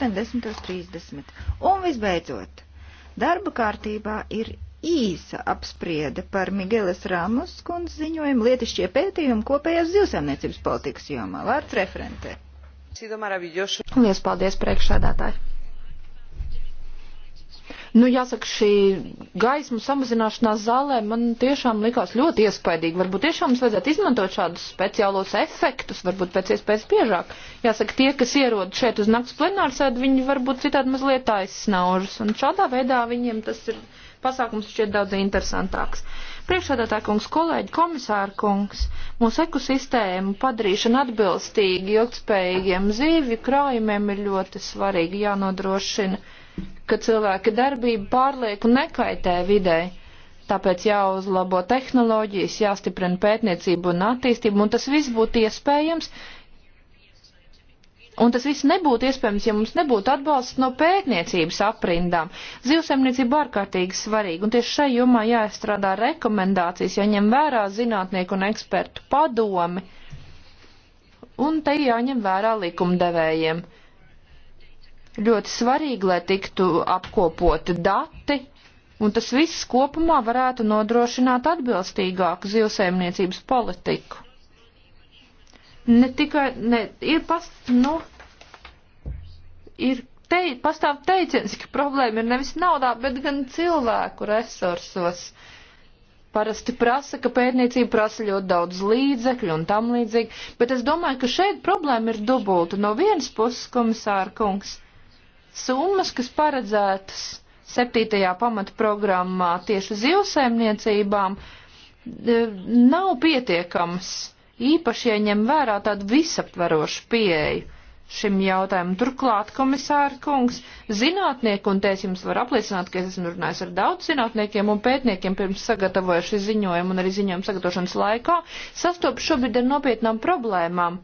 pulksten 10.30. Un visbeidzot, darba kārtībā ir īsa apspriede par Migeles Rāmas kundzes ziņojumu lietišķie pētījumi kopējās zilsēmniecības politikas jomā. Vārds referentē. Lielas paldies priekšsēdētāji! Nu, jāsaka, šī gaismu samazināšanās zālē man tiešām likās ļoti iespaidīgi. Varbūt tiešām mums vajadzētu izmantot šādus speciālos efektus, varbūt pēc iespējas biežāk. Jāsaka, tie, kas ierod šeit uz nakts plenārsēdu, viņi varbūt citādi mazliet aizsnaužas. Un šādā veidā viņiem tas ir pasākums šķiet daudz interesantāks. Priekšādātā kungs, kolēģi, komisāra kungs, mūsu ekosistēmu padarīšana atbilstīgi ilgtspējīgiem zīvju krājumiem ir ļoti svarīgi jānodrošina ka cilvēka darbība pārlieku nekaitē videi. Tāpēc jāuzlabo tehnoloģijas, jāstiprina pētniecību un attīstību, un tas viss būtu iespējams. Un tas viss nebūtu iespējams, ja mums nebūtu atbalsts no pētniecības aprindām. Zivsemniecība ārkārtīgi svarīga, un tieši šai jomā jāizstrādā rekomendācijas, jāņem vērā zinātnieku un ekspertu padomi, un te jāņem vērā likumdevējiem. Ļoti svarīgi, lai tiktu apkopoti dati, un tas viss kopumā varētu nodrošināt atbilstīgāku zivsēmniecības politiku. Ne tikai, ne, ir past, nu, ir te, pastāv teiciens, ka problēma ir nevis naudā, bet gan cilvēku resursos. Parasti prasa, ka pētniecība prasa ļoti daudz līdzekļu un tam līdzīgi, bet es domāju, ka šeit problēma ir dubulta. No vienas puses, komisāra kungs, summas, kas paredzētas septītajā pamatprogrammā tieši zivsaimniecībām, e, nav pietiekams, īpaši ieņem ja vērā tādu visaptverošu pieeju šim jautājumam. Turklāt, komisāra kungs, zinātnieki, un te es jums varu apliecināt, ka es esmu runājis ar daudz zinātniekiem un pētniekiem pirms sagatavojuši ziņojumu un arī ziņojumu sagatavošanas laikā, sastopas šobrīd ar nopietnām problēmām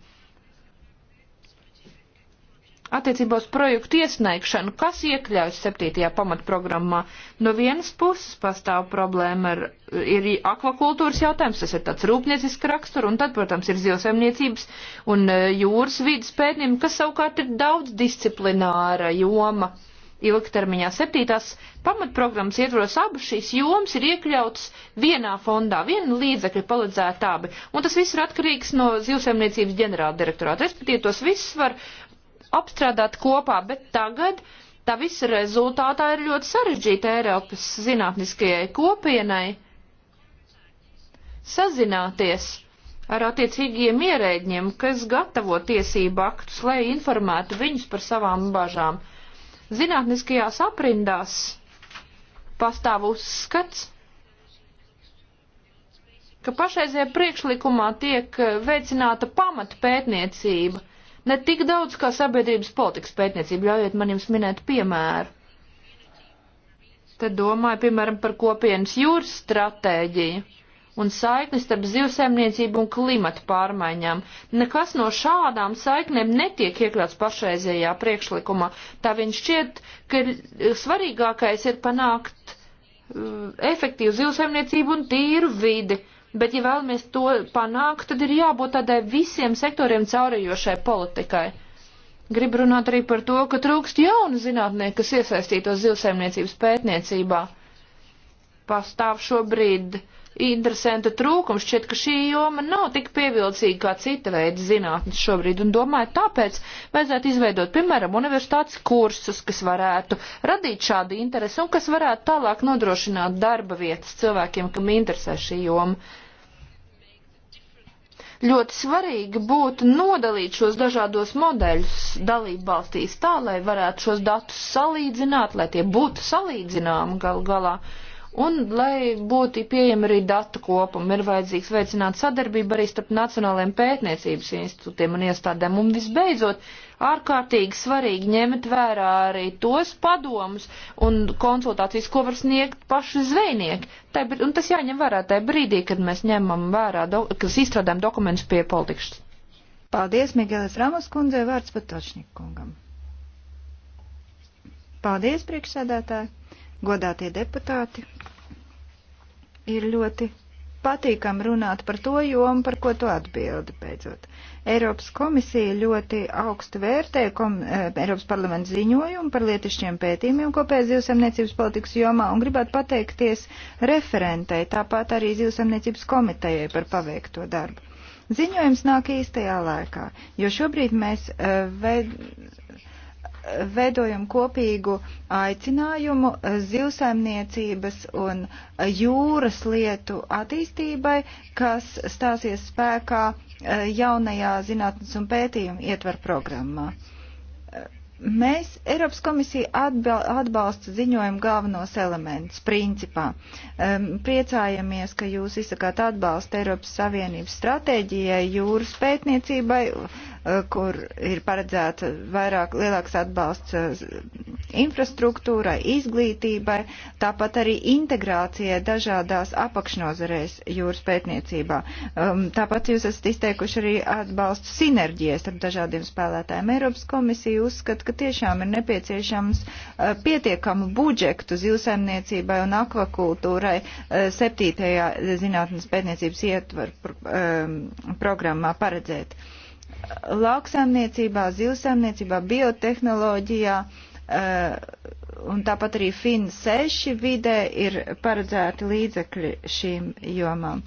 attiecībā uz projektu iesniegšanu, kas iekļaujas 7. pamatprogrammā. No vienas puses pastāv problēma ar ir akvakultūras jautājums, tas ir tāds rūpniecisks raksturs, un tad, protams, ir zilsaimniecības un e, jūras vidas pētījumi, kas savukārt ir daudz disciplināra joma. Ilgtermiņā septītās pamatprogrammas ietvaros abas šīs jomas ir iekļautas vienā fondā, viena līdzekļa paledzēta abi, un tas viss ir atkarīgs no zivsaimniecības ģenerāla direktorāta. Respektīvi, tos viss var apstrādāt kopā, bet tagad tā visa rezultātā ir ļoti sarežģīta Eiropas zinātniskajai kopienai sazināties ar attiecīgiem ierēģiem, kas gatavo tiesību aktus, lai informētu viņus par savām bažām. Zinātniskajās aprindās pastāv uzskats, ka pašreizajā priekšlikumā tiek veicināta pamatpētniecība Ne tik daudz kā sabiedrības politikas pētniecība, ļaujiet man jums minēt piemēru. Tad domāju, piemēram, par kopienas jūras stratēģiju un saikni starp zivsēmniecību un klimatu pārmaiņām. Nekas no šādām saiknēm netiek iekļauts pašreizējā priekšlikumā. Tā viņš šķiet, ka svarīgākais ir panākt uh, efektīvu zivsēmniecību un tīru vidi. Uh, Bet, ja vēlamies to panākt, tad ir jābūt tādai visiem sektoriem caurējošai politikai. Gribu runāt arī par to, ka trūkst jaunu zinātnieku, kas iesaistītos zivsaimniecības pētniecībā. Pastāv šobrīd interesanta trūkums, šķiet, ka šī joma nav tik pievilcīga kā cita veida zinātnes šobrīd, un domāju, tāpēc vajadzētu izveidot, piemēram, universitātes kursus, kas varētu radīt šādu interesi un kas varētu tālāk nodrošināt darba vietas cilvēkiem, kam interesē šī joma ļoti svarīgi būtu nodalīt šos dažādos modeļus dalību valstīs tā, lai varētu šos datus salīdzināt, lai tie būtu salīdzināmi gal galā. Uh, Un, lai būtu pieejami arī datu kopumi, ir vajadzīgs veicināt sadarbību arī starp nacionālajiem pētniecības institūtiem un iestādēm. Un visbeidzot, ārkārtīgi svarīgi ņemt vērā arī tos padomus un konsultācijas, ko var sniegt paši zvejnieki. Brīd, un tas jāņem vērā tajā brīdī, kad mēs ņemam vērā, do, kas izstrādājam dokumentus pie politikas. Paldies, Miguelis Ramos kundzei, vārds pat Točnikungam. Paldies, priekšsēdētāji! godātie deputāti, ir ļoti patīkam runāt par to jomu, par ko tu atbildi beidzot. Eiropas komisija ļoti augstu vērtē kom, eh, Eiropas parlamentu ziņojumu par lietišķiem pētījumiem kopējās zivsemniecības politikas jomā un gribētu pateikties referentei, tāpat arī zivsemniecības komitejai par paveikto darbu. Ziņojums nāk īstajā laikā, jo šobrīd mēs uh, veid, veidojam kopīgu aicinājumu zivsaimniecības un jūras lietu attīstībai, kas stāsies spēkā eh, jaunajā zinātnes un pētījuma ietver programmā. Mēs, Eiropas komisija atbalsta ziņojumu galvenos elementus principā. Um, priecājamies, ka jūs izsakāt atbalstu Eiropas Savienības stratēģijai jūras pētniecībai, uh, kur ir paredzēta vairāk lielāks atbalsts uh, infrastruktūrai, izglītībai, tāpat arī integrācijai dažādās apakšnozarēs jūras pētniecībā. Um, tāpat jūs esat izteikuši arī atbalstu sinerģijas ar dažādiem spēlētājiem. Eiropas komisija uzskata, ka tiešām ir nepieciešams uh, pietiekamu budžetu zilsēmniecībai un akvakultūrai uh, septītajā zinātnes pētniecības ietvaru pr um, programmā paredzēt lauksaimniecībā, zivsaimniecībā, biotehnoloģijā Eh, un tāpat arī FIN 6 vidē ir paredzēti līdzekļi šīm jomām.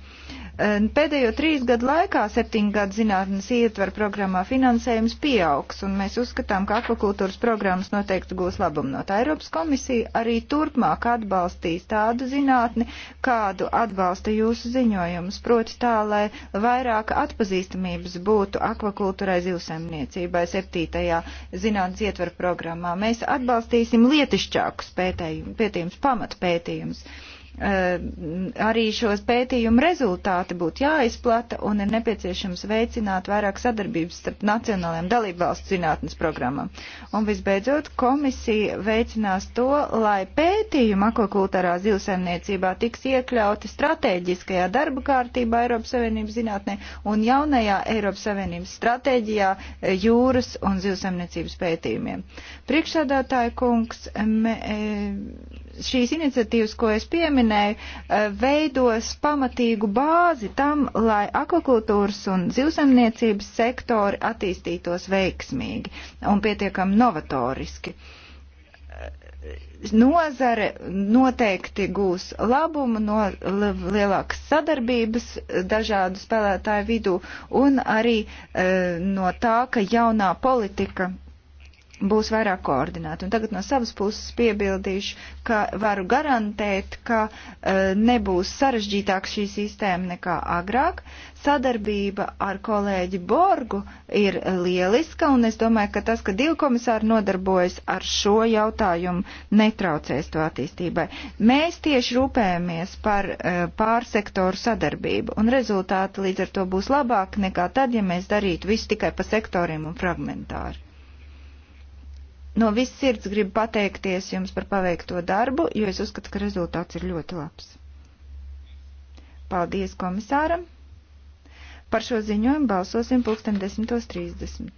Pēdējo trīs gadu laikā septiņgadu zinātnes ietver programmā finansējums pieaugs, un mēs uzskatām, ka akvakultūras programmas noteikti gūs labumu no tā. Eiropas komisija arī turpmāk atbalstīs tādu zinātni, kādu atbalsta jūsu ziņojumus, proti tā, lai vairāk atpazīstamības būtu akvakultūrai zivsaimniecībai septītajā zinātnes ietver programmā. Mēs atbalstīsim lietišķākus pētījumus, pamatpētījumus. Pamat Eh, arī šos pētījumu rezultāti būtu jāizplata un ir nepieciešams veicināt vairāk sadarbības starp nacionālajām dalībvalstu zinātnes programmām. Un visbeidzot, komisija veicinās to, lai pētījumu akvakultārā zilsaimniecībā tiks iekļauti strateģiskajā darba kārtībā Eiropas Savienības zinātnē un jaunajā Eiropas Savienības stratēģijā eh, jūras un zilsaimniecības pētījumiem. Priekšsādātāja kungs, me, eh, šīs iniciatīvas, ko es pieminēju, eh, veidos pamatīgu bāzi tam, lai akvakultūras un zivsaimniecības sektori attīstītos veiksmīgi un pietiekami novatoriski nozare noteikti gūs labumu no lielākas sadarbības dažādu spēlētāju vidū un arī e, no tā, ka jaunā politika būs vairāk koordinēti. Un tagad no savas puses piebildīšu, ka varu garantēt, ka uh, nebūs sarežģītāk šī sistēma nekā agrāk. Sadarbība ar kolēģi Borgu ir lieliska, un es domāju, ka tas, ka divi komisāri nodarbojas ar šo jautājumu, netraucēs to attīstībai. Mēs tieši rūpējamies par uh, pārsektoru sadarbību, un rezultāti līdz ar to būs labāk nekā tad, ja mēs darītu visu tikai pa sektoriem un fragmentāri. No viss sirds gribu pateikties jums par paveikto darbu, jo es uzskatu, ka rezultāts ir ļoti labs. Paldies komisāram! Par šo ziņojumu balsosim pulksten 10.30.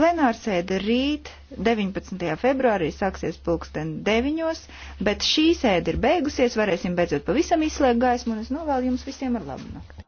Plenārsēde rīt 19. februārī sāksies pulksten 9, bet šī sēde ir beigusies, varēsim beidzot pavisam izslēgt gaismu un es novēlu jums visiem ar labu nakti.